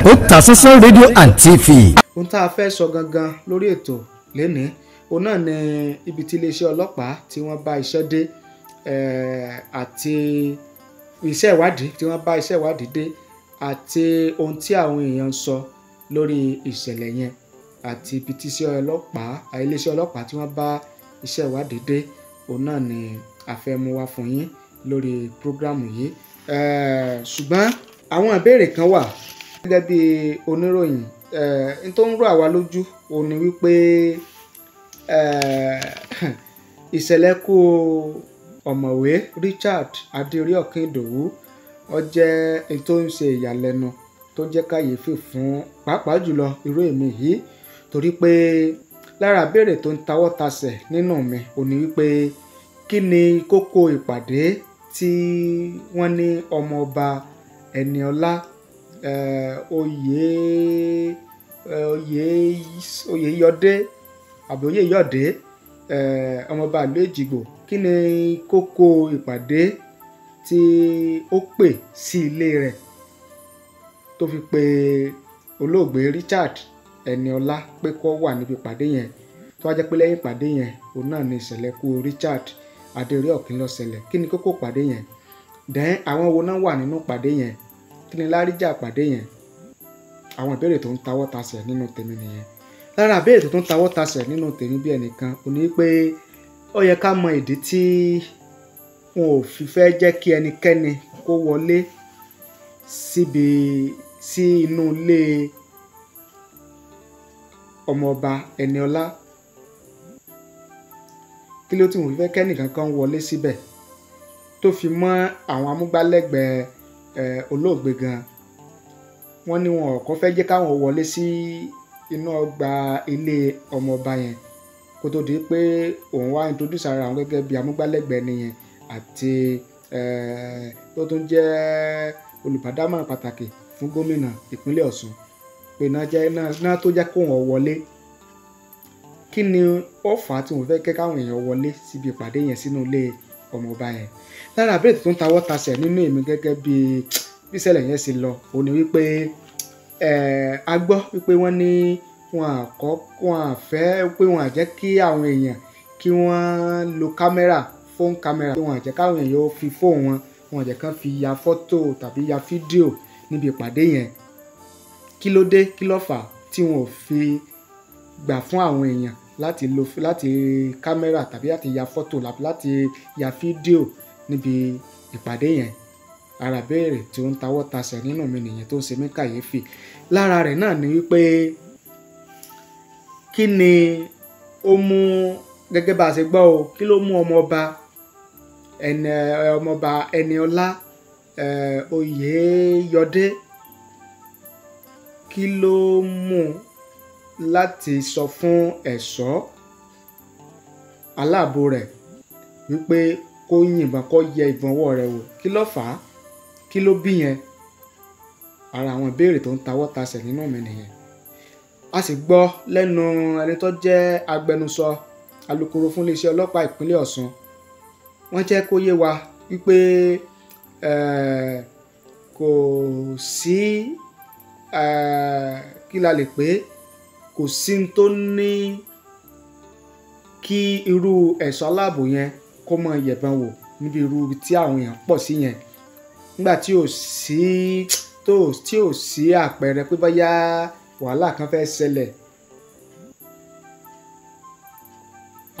Otasansan rédíò and TV. ohun tá a fẹ́ sọ gangan lórí ètò lénìí òun náà ni ibi tí iléeṣẹ́ ọlọ́pàá tí wọ́n bá iṣẹ́ dé eh, àti iṣẹ́ ìwádìí tí wọ́n bá iṣẹ́ ìwádìí dé àti ohun tí àwọn èèyàn ń sọ lórí ìṣẹ̀lẹ̀ yẹn àti ibi tí iṣẹ́ ọlọ́pàá iléeṣẹ́ ọlọ́pàá tí wọ́n bá iṣẹ́ ìwádìí dé òun náà ni a fún yín lórí prógrámù yìí eh, ṣùgbọ́n àwọn ìbéèrè kan wà gẹ́gẹ́ bí oníròyìn eh, n tó ń rọ àwa lójú òun ni wípé eh, ìṣẹ̀lẹ̀ kú ọ̀mọ̀wé Richard adéorí ọ̀kín ìdòwú wọ́n jẹ́ èyí tó ń ṣe ìyàlẹ́nu tó jẹ́ kàyéfì fún pàápàá jùlọ irú èmi yìí torí pé lára béèrè tó ń tawọ́ tasẹ̀ nínú mi ò ní wípé kí ni kókó ìpàdé tí wọ́n ní ọmọọba Ẹniọlá oyè oyè oyèyọdé àbí oyèyọdé ọmọọba ìlú èjìgbò kí ni kókó ìpàdé tí ó pè sí ilé rẹ̀ tó fi pe olóògbé Richard Eniola pé kó wà níbi ìpàdé yẹn tó wá jẹ́ pé lẹ́yìn ìpàdé yẹn òun náà ni ìṣẹ̀lẹ̀ kú Richard adèrè ọ̀kìn ló ṣẹlẹ̀ kí ni kókó ìpàdé yẹn dẹ́n àwọn wo náà wà nínú ìpàdé yẹn kí ni láríjà pàdé yẹn àwọn ìbéèrè tó ń tawọ́ tasẹ̀ nínú tèmi nìyẹn lára àbéèrè tó ń tawọ́ tasẹ̀ nínú tèmi bí ẹnìkan ò ní pé ó yẹ ká mọ ìdí tí wọn ò fi fẹ́ jẹ́ kí ẹnikẹ́ni kó wọlé síbi sí inú ilé ọmọọba Ẹniọlá kí ló tí wọn fi fẹ́ kẹ́nìkan kan wọlé síbẹ̀ tó fi mọ́ àwọn amúgbálẹ́gbẹ̀ẹ́ olóògbé gan wọ́n ní wọn ọ̀kọ́ fẹ́ jẹ́ káwọn wọlé sí inú ọgbà ilé ọmọọba yẹn kó tó di pé òun wá introduce ara àwọn gẹ́gẹ́ bí amúgbálẹ́gbẹ̀ẹ́ nìyẹn àti tó tún jẹ olùbádámọ̀ràn pàtàkì fún gómìnà pé náà tó wọlé kí ni ó fà á tí káwọn èèyàn wọlé síbi ìpàdé yẹn sínú ilé ọmọọba yẹn lára àbẹ̀rẹ̀ tó ń tawọ́ tasẹ̀ nínú èmi gẹ́gẹ́ bí bísẹ̀lẹ̀ yẹn ṣe lọ òun ni wípé a gbọ́ wípé wọ́n ní wọn àkọ́ wọn àfẹ́ pé wọn àjẹ́ kí àwọn èèyàn kí wọ́n lo kámẹ́rà fóònù kámẹ́rà pé wọn àjẹ́ káwọn èèyàn yóò fi fóònù wọn wọn àjẹ́ kán fi ya fọ́tò tàbí ya fídíò níbi ìpàdé yẹn kí ló dé kí ló fà tí wọn ò fi gbà fún àwọn èèyàn láti lo láti kámẹ́rà tàbí láti ya fọ́tò láti ya fídíò níbi ìpàdé yẹn ara béèrè tí ó ń tawọ́ tasẹ̀ nínú mi nìyẹn tó ń ṣe mí kàyéfì lára rẹ̀ náà ni wípé kí ni ó mú gẹ́gẹ́ bá a ṣe gbọ́ o kí ló mú ọmọọba ẹni ọmọọba Ẹniọlá Oyèyọdé kí ló mú un láti sọ fún ẹ̀ṣọ́ aláàbò rẹ̀ wípé kó yìnbọn kó yẹ ìbọn ọwọ́ rẹ̀ wò kí ló fà á kí ló bí yẹn ara àwọn ìbéèrè tó ń tawọ́ tasẹ̀ nínú mi nìyẹn a sì gbọ́ lẹ́nu ẹni tó jẹ́ agbẹnusọ alukoro fún iléeṣẹ́ ọlọ́pàá ìpínlẹ̀ Ọ̀ṣun wọ́n jẹ́ kó yé wa wípé kò sí kí la lè pè é kò sí ní tó ní kí irú ẹ̀ṣọ́ aláàbò yẹn kó mọ yẹ̀bọn wò níbi irú tí àwọn èèyàn pọ̀ sí yẹn nígbà tí ò sí tó tí ò sí àpẹẹrẹ pé bóyá wàhálà kan fẹ́ ṣẹlẹ̀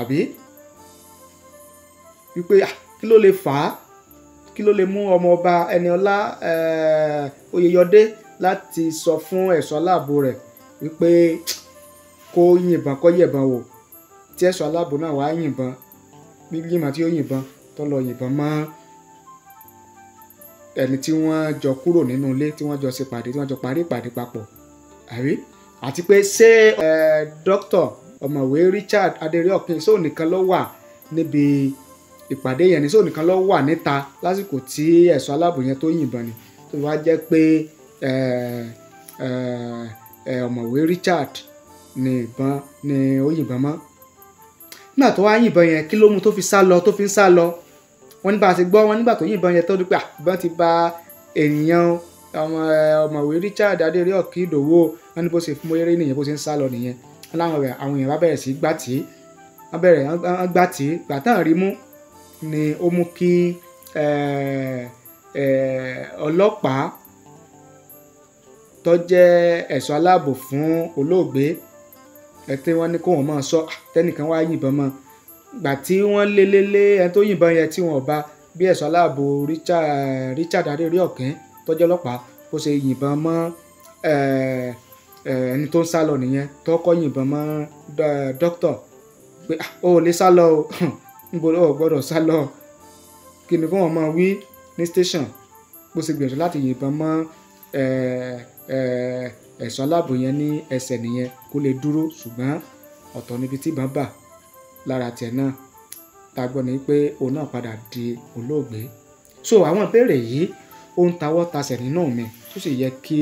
àbí wípé kí ló lè fà á kí ló lè mú ọmọ ọba Ẹniọlá eh, Oyèyọdé láti sọ fún ẹ̀ṣọ́ aláàbò rẹ̀ wípé. Tch, kó yìnbọn kó yẹ̀bọn wò tí ẹ̀ṣọ́ aláàbò náà wàá yìnbọn gbígbìmọ̀ tí ó yìnbọn tó lọ yìnbọn mọ́ ẹni tí wọ́n jọ kúrò nínú ilé tí wọ́n jọ ṣe pàdé tí wọ́n jọ parí ìpàdé papọ̀ àrí àti pé ṣé ẹ dókítà ọ̀mọ̀wé Richard Adereokin sóò nìkan ló wà níbi ìpàdé yẹn ní sóò nìkan ló wà níta lásìkò tí ẹ̀ṣọ́ aláàbò yẹn tó yìnbọn ni tó wá jẹ́ pé ọ̀mọ̀wé Richard ni ìbọn ni ó yìnbọn mọ́ nígbà tó wá yìnbọn yẹn kí ló mú tó fi sá lọ tó fi ń sá lọ wọ́n ní bá a ti gbọ́ wọ́n nígbà tó yìnbọn yẹn tó rí pé ìbọn ti ba ènìyàn ọmọ ọmọwé Richard adéré ọkì ìdòwò wọ́n ní bó ṣe fún eré nìyẹn bó ṣe ń sá lọ nìyẹn wọ́n láwọn àwọn èèyàn bá bẹ̀rẹ̀ sí gbà tí wọ́n bẹ̀rẹ̀ gbà tí gbà tán rí mú ni ó mú kí ọlọ́pàá tó jẹ́ ẹ̀ṣọ́ aláàbò fún olóògbé ẹtí wọ́n ní kó wọ́n máa sọ ah, tẹ́nìkan wá yìnbọn mọ́ gbà tí wọ́n lélélé ẹni tó yìnbọn yẹn tí wọ́n bá bí ẹ̀ṣọ́ aláàbò Richard Richard adéorí ọ̀kẹ́ tọ́jú ọlọ́pàá ṣe yìnbọn mọ́ ẹni tó ń sá lọ nìyẹn tó yìnbọn mọ́ dókítà pé ó ah, lè sá lọ o níbo ló gbọ́dọ̀ sá lọ kí ni fún wọn máa wí ní station bó ṣe gbìyànjú láti yìnbọn mọ́ ẹ̀ṣọ́ aláàbò yẹn ní ẹsẹ̀ nìyẹn kó lè dúró ṣùgbọ́n ọ̀tọ̀ níbi tí ìbọn bà lára tiẹ̀ náà tá a gbọ́ ni pé òun náà padà di olóògbé so àwọn ìbéèrè yìí ó ń tawọ́ tasẹ̀ nínú mi tó sì yẹ kí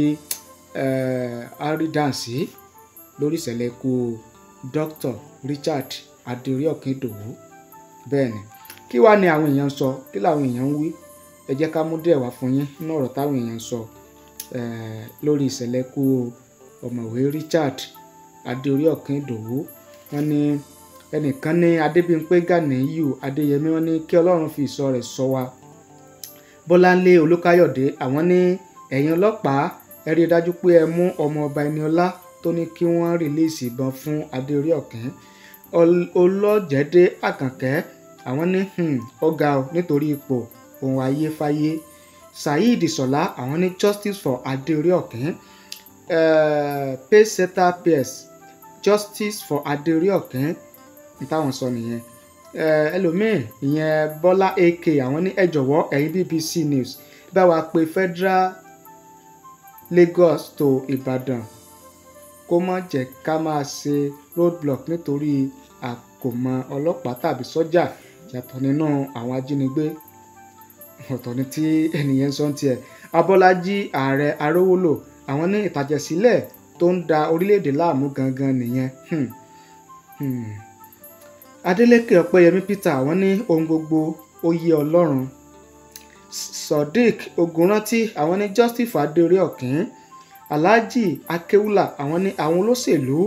eh, a rí dáǹsì lórí ìṣẹ̀lẹ̀ ikú Dr. Richard Aderiokindowu bẹ́ẹ̀ ni kí wàá ní àwọn èèyàn ń sọ kí làwọn èèyàn ń wí ẹ jẹ́ ká mú díẹ̀ wá fún yín nínú ọ̀rọ̀ táwọn èèyàn sọ. Eh, lórí ìṣẹ̀lẹ̀ ikú ọ̀mọ̀wé Richard adéorí ọ̀kìn ìdòwú wọn ní ẹnìkan ní gani ganiyu adéyẹmí wọn ní kí ọlọ́run fi ìṣọ́ rẹ̀ ṣọ́ wa bọ́láńlé olúkáyọ̀dé àwọn ní ẹ̀yin ọlọ́pàá ẹ rí i dájú pé ẹ mú ọmọ ọba ẹni ọlá tó ní kí wọ́n rìlíìsì ìbọn fún adéorí ọ̀kìn ọlọ́jẹ̀dé àkànkẹ́ àwọn ní ọ̀gá hmm, nítorí ipò òun ayé fáyé saheed sọlá àwọn ní justice for adéorí ọ̀kín uh, eh, paysetter ps justice for adéorí ọ̀kín nítawọn sọ nìyẹn eh, ẹlòmíín ìyẹn bọ́lá ak àwọn ní ẹ jọ̀wọ́ bbc news bá wa pè federal lagos to Ibadan. kó má jẹ́ ká máa ṣe roadblock nítorí àkómọ ọlọ́pàá tàbí sọ́jà yàtọ̀ nínú àwọn ajínigbé ọ̀tọ̀ ni tí ènìyàn sọ ń tiẹ̀ abọ́lájí ààrẹ arówólò àwọn ní ìtàjẹ̀sílẹ̀ tó ń da orílẹ̀-èdè láàmú gangan nìyẹn hmm. hmm. adeleke ọpẹ́yẹmí peter àwọn ní ohun gbogbo ó yé ọlọ́run sodiq ogunranti àwọn ní justice adeore ọ̀kín alhaji akewula àwọn ní àwọn olóṣèlú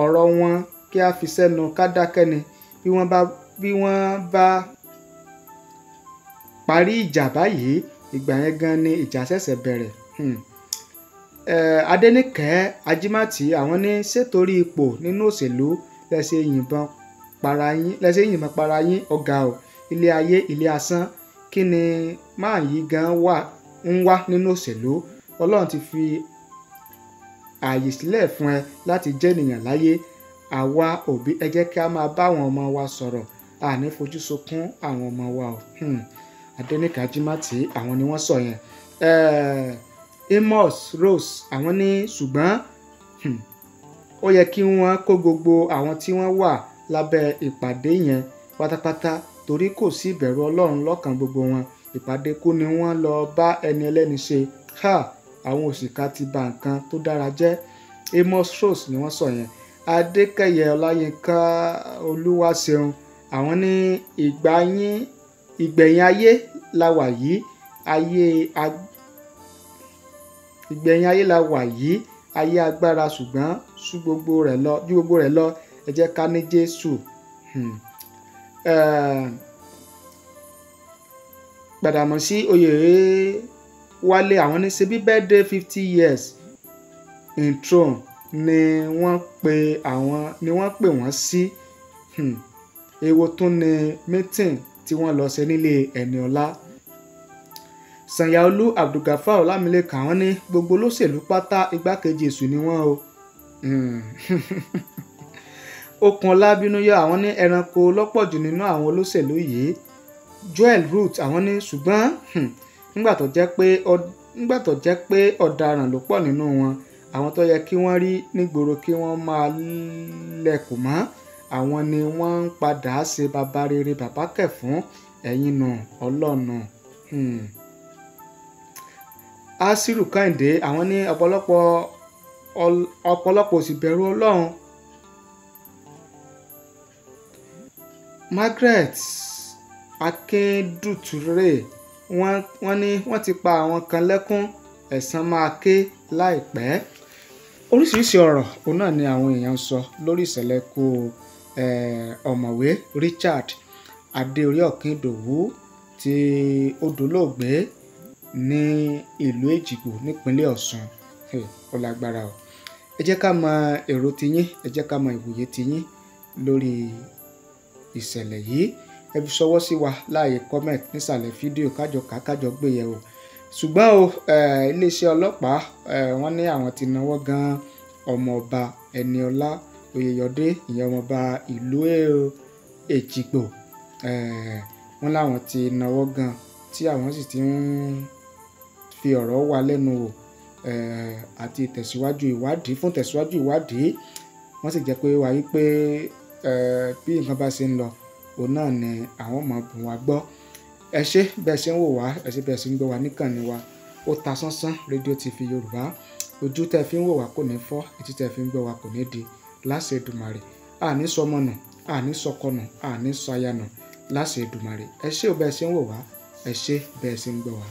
ọ̀rọ̀ wọn kí a fi sẹ́nu ká dákẹ́ ni bí wọ́n bá bí wọ́n bá parí ìjà báyìí ìgbà yẹn gan ni ìjà ṣẹ̀ṣẹ̀ bẹ̀rẹ̀ hmm. Adéníkẹ́ Ajímàtì àwọn ní ṣètòrí ipò nínú òṣèlú lẹ́sẹ̀ yìnbọn para yín lẹ́sẹ̀ yìnbọn para yín ọ̀gá o ilé ayé ilé asán kí ni máa yí gan wà ń wá nínú òṣèlú Ọlọ́run ti fi ààyè sílẹ̀ fún ẹ láti jẹ́ ènìyàn láyé àwa òbí ẹ jẹ́ kí a máa bá àwọn ọmọ wa sọ̀rọ̀ àní fojú sunkún àwọn ọmọ wa o. Hmm adẹnìkan jimati àwọn ni wọ́n sọ yẹn eh, amos rose àwọn ní ṣùgbọ́n hmm, ó yẹ kí wọ́n kó gbogbo àwọn tí wọ́n wà lábẹ́ ìpàdé yẹn pátápátá torí kò sí ìbẹ̀rù ọlọ́run lọ́kàn gbogbo wọn ìpàdé kú ni wọ́n lọ bá ẹni ẹlẹ́ni ṣe ha àwọn òṣìkà ti ba nǹkan tó dára jẹ́ amos rose ni wọ́n sọ yẹn adékẹyẹ ọláyínká olúwaṣeun àwọn ní ìgbà yín ìgbẹ̀yìn ayé la wà yìí ayé ìgbẹ̀yìn ayé la wà yìí ayé agbára ṣùgbọ́n sú gbogbo rẹ̀ lọ ju gbogbo rẹ̀ lọ ẹ jẹ́ ká ní Jésù Gbàdàmọ́sí hmm. eh, Oyèwálé àwọn ní ṣe birthday fifty years in throne ni wọ́n pe àwọn ni wọ́n pe wọ́n sí hmm. èwo tún ni meeting tí wọ́n lọ ṣe nílé Ẹniọlá Sanyaolu Abdulgafar Ọlámilékan wọ́n ní gbogbo olóṣèlú pátá igbákejì èṣù ni wọ́n o hmm. Okùnọlá Bínúyọ àwọn ní ẹranko lọ́pọ̀jù nínú àwọn olóṣèlú yìí Joel Root àwọn ní ṣùgbọ́n hmm, nígbà tó jẹ́ pé nígbà tó jẹ́ pé ọ̀daràn ló pọ̀ nínú wọn àwọn tó yẹ kí wọ́n rí nígboro kí wọ́n máa lẹ̀kùn mọ́ àwọn ni wọ́n ń padà ṣe bàbá rere bàbá kẹ̀ fún ẹ̀yin nù ọlọ́ọ̀nù. Hmm. Asiru Kẹ́hìndé àwọn ní ọ̀pọ̀lọpọ̀ ọ̀pọ̀lọpọ̀ òsì bẹ̀rù ọlọ́run. Margaret Akíndùtúrè wọ́n ní wọ́n ti pa àwọn kan lẹ́kún ẹ̀san máa ké láìpẹ́ oríṣiríṣi ọ̀rọ̀ òun náà ni àwọn èèyàn ń sọ lórí ìṣẹ̀lẹ̀ kú o. Eh, ọ̀mọ̀wé Richard adéorí ọ̀kìndòwú tí ó dolóògbé ní ìlú èjìgbò nípínlẹ̀ ọ̀ṣun ó lágbára o ẹ jẹ́ ká mọ èrò tiyín ẹ jẹ́ ká mọ ìwòye tiyín lórí ìṣẹ̀lẹ̀ yìí ẹ fi ṣọwọ́ sí wa láàyè comment nísàlẹ̀ fídíò kájọ ká kájọ gbé yẹ̀ o ṣùgbọ́n o eh, iléeṣẹ́ ọlọ́pàá eh, wọ́n ní àwọn ti náwó gan ọmọ ọba Ẹniọlá oyèyọdé ìyẹn ọmọọba ìlú èjìgbò wọn láwọn ti náwó gan tí àwọn sì ti ń fi ọ̀rọ̀ wá lẹ́nu wò àti tẹ̀síwájú ìwádìí fún tẹ̀síwájú ìwádìí wọ́n sì jẹ́ pé wá wípé bí nǹkan bá ṣe ń lọ òun náà ni àwọn ọmọ bùn wá gbọ́ ẹ ṣé bẹ́ẹ̀ ṣe ń wò wá ẹ ṣé bẹ́ẹ̀ ṣe ń gbọ́ wá níkànnì wa ó ta sánsán rédíò TV Yorùbá ojú tẹ́ fi ń wò wá kò ní fọ́ etí tẹ́ fi ń gbọ́ wá kò ní di láṣẹ Èdùmàrè àní sọmọnà àní sọkọnà àní sọayanà láṣẹ Èdùmàrè ẹ ṣé o bẹ́ẹ̀ ṣe ń wò wá ẹ ṣé bẹ́ẹ̀ ṣe ń gbọ́ wá.